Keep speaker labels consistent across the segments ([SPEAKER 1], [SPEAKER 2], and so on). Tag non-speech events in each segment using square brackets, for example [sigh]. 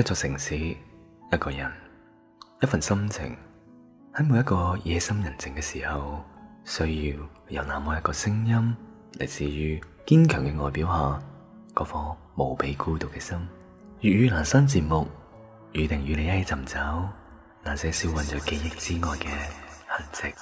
[SPEAKER 1] 一座城市，一個人，一份心情，喺每一個夜深人靜嘅時候，需要有那麼一個聲音，嚟自於堅強嘅外表下，嗰顆無比孤獨嘅心。粵語闌珊節目，預定與你一起尋找，那些消隱在記憶之外嘅痕跡。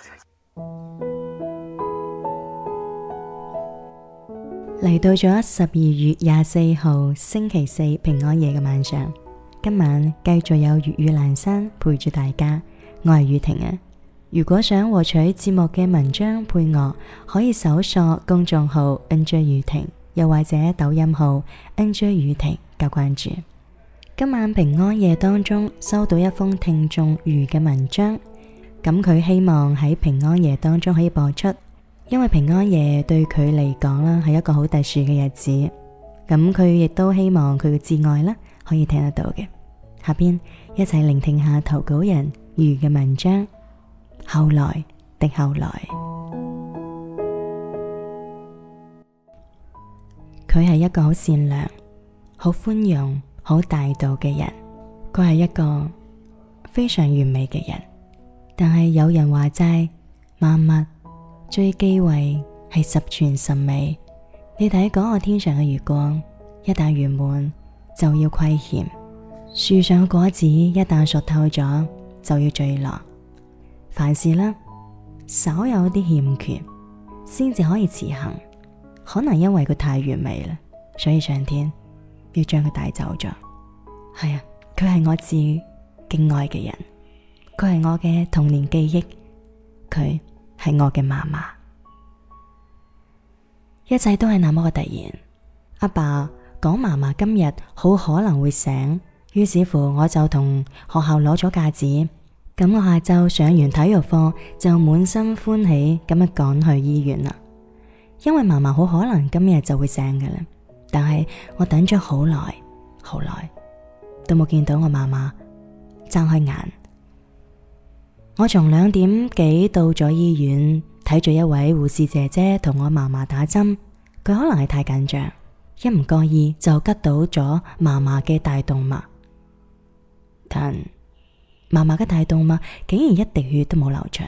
[SPEAKER 2] 嚟到咗十二月廿四號星期四平安夜嘅晚上。今晚繼續有粵語闌山陪住大家，我係宇婷啊！如果想獲取節目嘅文章配樂，可以搜索公眾號 NJ 宇婷，又或者抖音號 NJ 宇婷加關注。今晚平安夜當中收到一封聽眾瑜嘅文章，咁佢希望喺平安夜當中可以播出，因為平安夜對佢嚟講啦係一個好特殊嘅日子，咁佢亦都希望佢嘅摯愛啦。可以聽得到嘅，下邊一齊聆聽下投稿人瑜嘅文章。後來的後來，佢係 [music] 一個好善良、好寬容、好大度嘅人。佢係一個非常完美嘅人，但係有人話齋萬物最忌諱係十全十美。你睇嗰個天上嘅月光，一旦圓滿，就要虧欠，樹上嘅果子一旦熟透咗，就要墜落。凡事咧，稍有啲欠缺，先至可以持恒。可能因為佢太完美啦，所以上天要將佢帶走咗。係啊，佢係我最敬愛嘅人，佢係我嘅童年記憶，佢係我嘅嫲嫲。一切都係那麼嘅突然，阿爸，爸。講嫲嫲今日好可能會醒，於是乎我就同學校攞咗假紙。咁我下晝上完體育課就滿心歡喜咁樣趕去醫院啦。因為嫲嫲好可能今日就會醒嘅啦，但係我等咗好耐，好耐都冇見到我嫲嫲睜開眼。我從兩點幾到咗醫院，睇住一位護士姐姐同我嫲嫲打針，佢可能係太緊張。一唔覺意就吉到咗嫲嫲嘅大動脈，但嫲嫲嘅大動脈竟然一滴血都冇流出，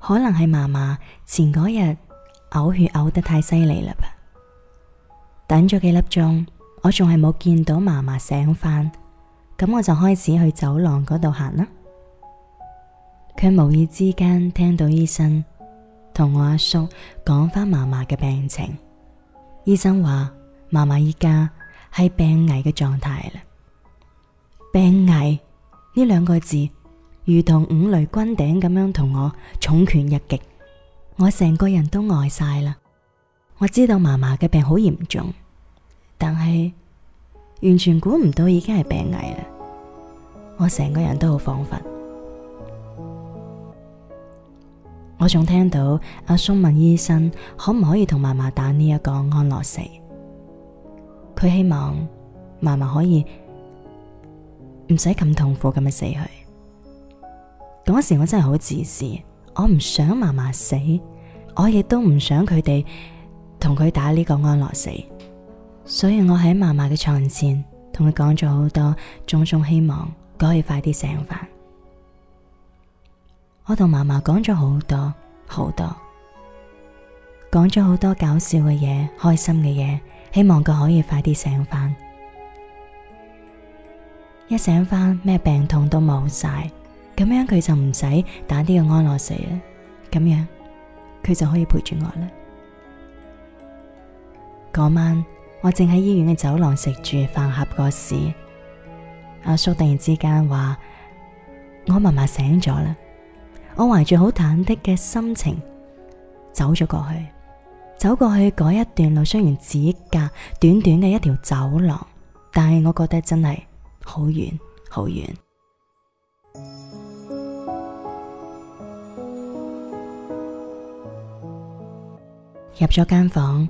[SPEAKER 2] 可能係嫲嫲前嗰日嘔血嘔得太犀利啦吧？等咗幾粒鐘，我仲係冇見到嫲嫲醒翻，咁我就開始去走廊嗰度行啦。佢無意之間聽到醫生同我阿叔講翻嫲嫲嘅病情，醫生話：嫲嫲依家係病危嘅狀態啦，病危呢兩個字如同五雷轟頂咁樣同我重拳一擊，我成個人都呆晒啦。我知道嫲嫲嘅病好嚴重，但係完全估唔到已經係病危啦。我成個人都好恍惚，我仲聽到阿叔問醫生可唔可以同嫲嫲打呢一個安樂死。佢希望嫲嫲可以唔使咁痛苦咁樣死去。嗰時我真係好自私，我唔想嫲嫲死，我亦都唔想佢哋同佢打呢個安樂死。所以我喺嫲嫲嘅床前同佢講咗好多種種希望，佢可以快啲醒翻。我同嫲嫲講咗好多好多，講咗好多搞笑嘅嘢、開心嘅嘢。希望佢可以快啲醒翻，一醒翻咩病痛都冇晒，咁樣佢就唔使打啲嘅安樂死啦。咁樣佢就可以陪住我啦。嗰 [noise] 晚我正喺醫院嘅走廊食住飯盒個時，阿叔突然之間話我嫲嫲醒咗啦，我懷住好忐忑嘅心情走咗過去。走過去嗰一段路，雖然只隔短短嘅一條走廊，但係我覺得真係好遠好遠。遠入咗間房間，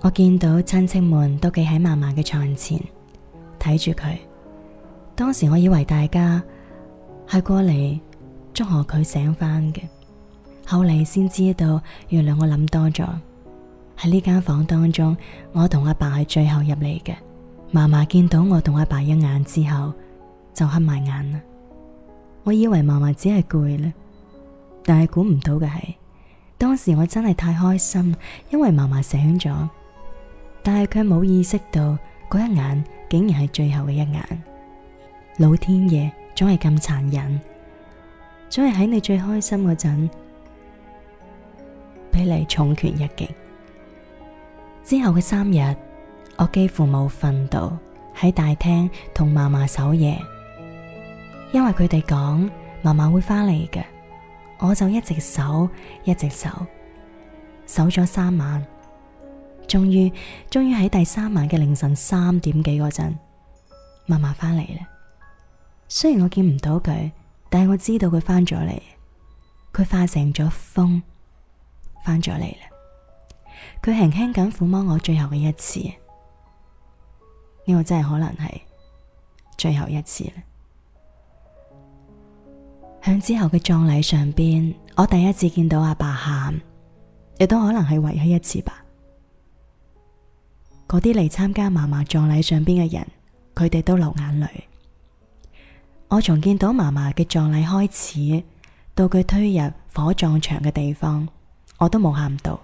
[SPEAKER 2] 我見到親戚們都企喺嫲嫲嘅床前睇住佢。當時我以為大家係過嚟祝賀佢醒返嘅。後嚟先知道，原來我諗多咗。喺呢間房當中，我同阿爸係最後入嚟嘅。嫲嫲見到我同阿爸一眼之後，就黑埋眼啦。我以為嫲嫲只係攰啦，但係估唔到嘅係，當時我真係太開心，因為嫲嫲醒咗，但係佢冇意識到嗰一眼竟然係最後嘅一眼。老天爺總係咁殘忍，總係喺你最開心嗰陣。俾你重拳一擊。之後嘅三日，我幾乎冇瞓到，喺大廳同嫲嫲守夜，因為佢哋講嫲嫲會翻嚟嘅，我就一直守，一直守，守咗三晚。終於，終於喺第三晚嘅凌晨三點幾嗰陣，嫲嫲翻嚟啦。雖然我見唔到佢，但係我知道佢翻咗嚟，佢化成咗風翻咗嚟啦！佢輕輕咁撫摸我，最後嘅一次，呢個真係可能係最後一次啦。喺、這個、之後嘅葬禮上邊，我第一次見到阿爸喊，亦都可能係唯一一次吧。嗰啲嚟參加嫲嫲葬禮上邊嘅人，佢哋都流眼淚。我從見到嫲嫲嘅葬禮開始，到佢推入火葬場嘅地方。我都冇喊到，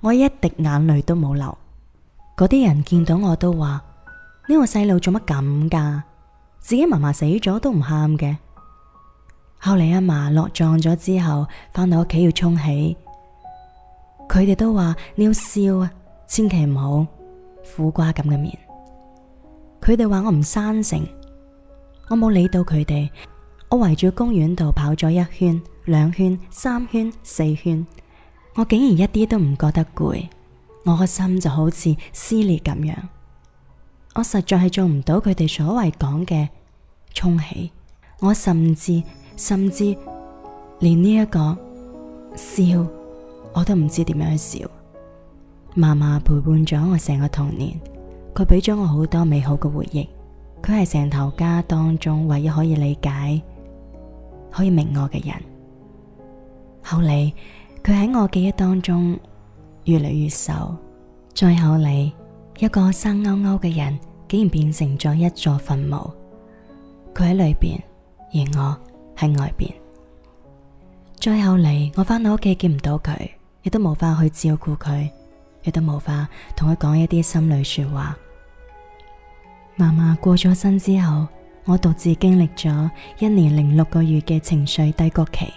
[SPEAKER 2] 我一滴眼淚都冇流。嗰啲人見到我都話，呢個細路做乜咁噶？自己嫲嫲死咗都唔喊嘅。後嚟阿嫲落葬咗之後，翻到屋企要沖起。佢哋都話你要笑啊，千祈唔好苦瓜咁嘅面。佢哋話我唔生性，我冇理到佢哋。我圍住公園度跑咗一圈、兩圈、三圈、四圈。我竟然一啲都唔覺得攰，我個心就好似撕裂咁樣。我實在係做唔到佢哋所謂講嘅沖喜，我甚至甚至連呢一個笑我都唔知點樣笑。嫲嫲陪伴咗我成個童年，佢俾咗我好多美好嘅回憶，佢係成頭家當中唯一可以理解、可以明我嘅人。後嚟。佢喺我記憶當中越嚟越瘦，再後嚟，一個生勾勾嘅人，竟然變成咗一座墳墓。佢喺裏邊，而我喺外邊。再後嚟，我翻到屋企見唔到佢，亦都無法去照顧佢，亦都無法同佢講一啲心裏說話。嫲嫲過咗身之後，我獨自經歷咗一年零六個月嘅情緒低谷期。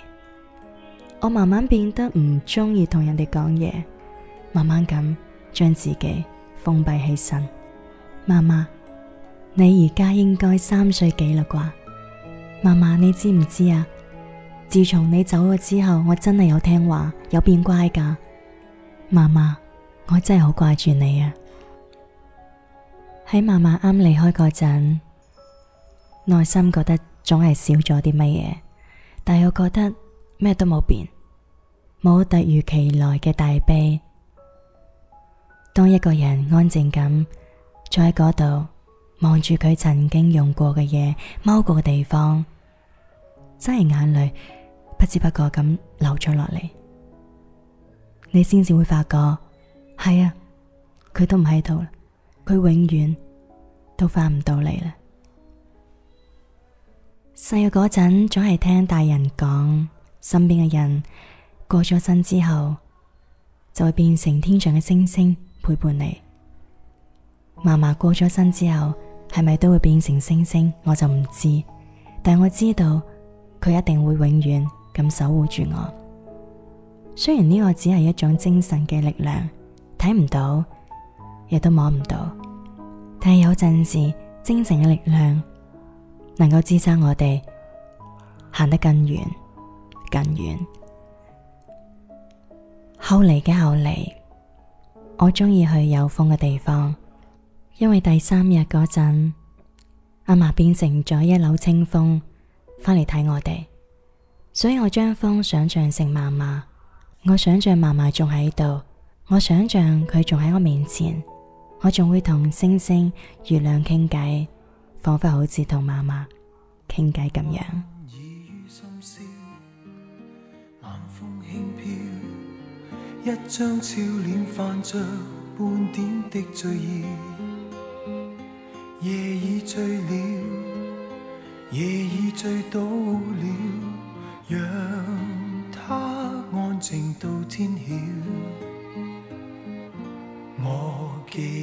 [SPEAKER 2] 我慢慢變得唔中意同人哋講嘢，慢慢咁將自己封閉起身。媽媽，你而家應該三歲幾啦啩？媽媽，你知唔知啊？自從你走咗之後，我真係有聽話，有變乖噶。媽媽，我真係好掛住你啊！喺媽媽啱離開嗰陣，內心覺得總係少咗啲乜嘢，但我覺得咩都冇變。冇突如其來嘅大悲。當一個人安靜咁坐喺嗰度望住佢曾經用過嘅嘢、踎過嘅地方，真係眼淚不知不覺咁流咗落嚟。你先至會發覺，係啊，佢都唔喺度，佢永遠都翻唔到嚟啦。細個嗰陣總係聽大人講身邊嘅人。過咗身之後，就會變成天上嘅星星陪伴你。嫲嫲過咗身之後，係咪都會變成星星，我就唔知。但我知道佢一定會永遠咁守護住我。雖然呢個只係一種精神嘅力量，睇唔到，亦都摸唔到，但係有陣時，精神嘅力量能夠支撐我哋行得更遠、更遠。後嚟嘅後嚟，我鍾意去有風嘅地方，因為第三日嗰陣，阿嫲變成咗一縷清風，翻嚟睇我哋，所以我將風想象成嫲嫲，我想象嫲嫲仲喺度，我想象佢仲喺我面前，我仲會同星星、月亮傾偈，仿佛好似同嫲嫲傾偈咁樣。
[SPEAKER 1] 一張俏臉泛著半點的醉意，夜已醉了，夜已醉倒了，讓它安靜到天曉，我記。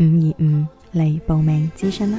[SPEAKER 2] 五二五嚟報名諮詢啦！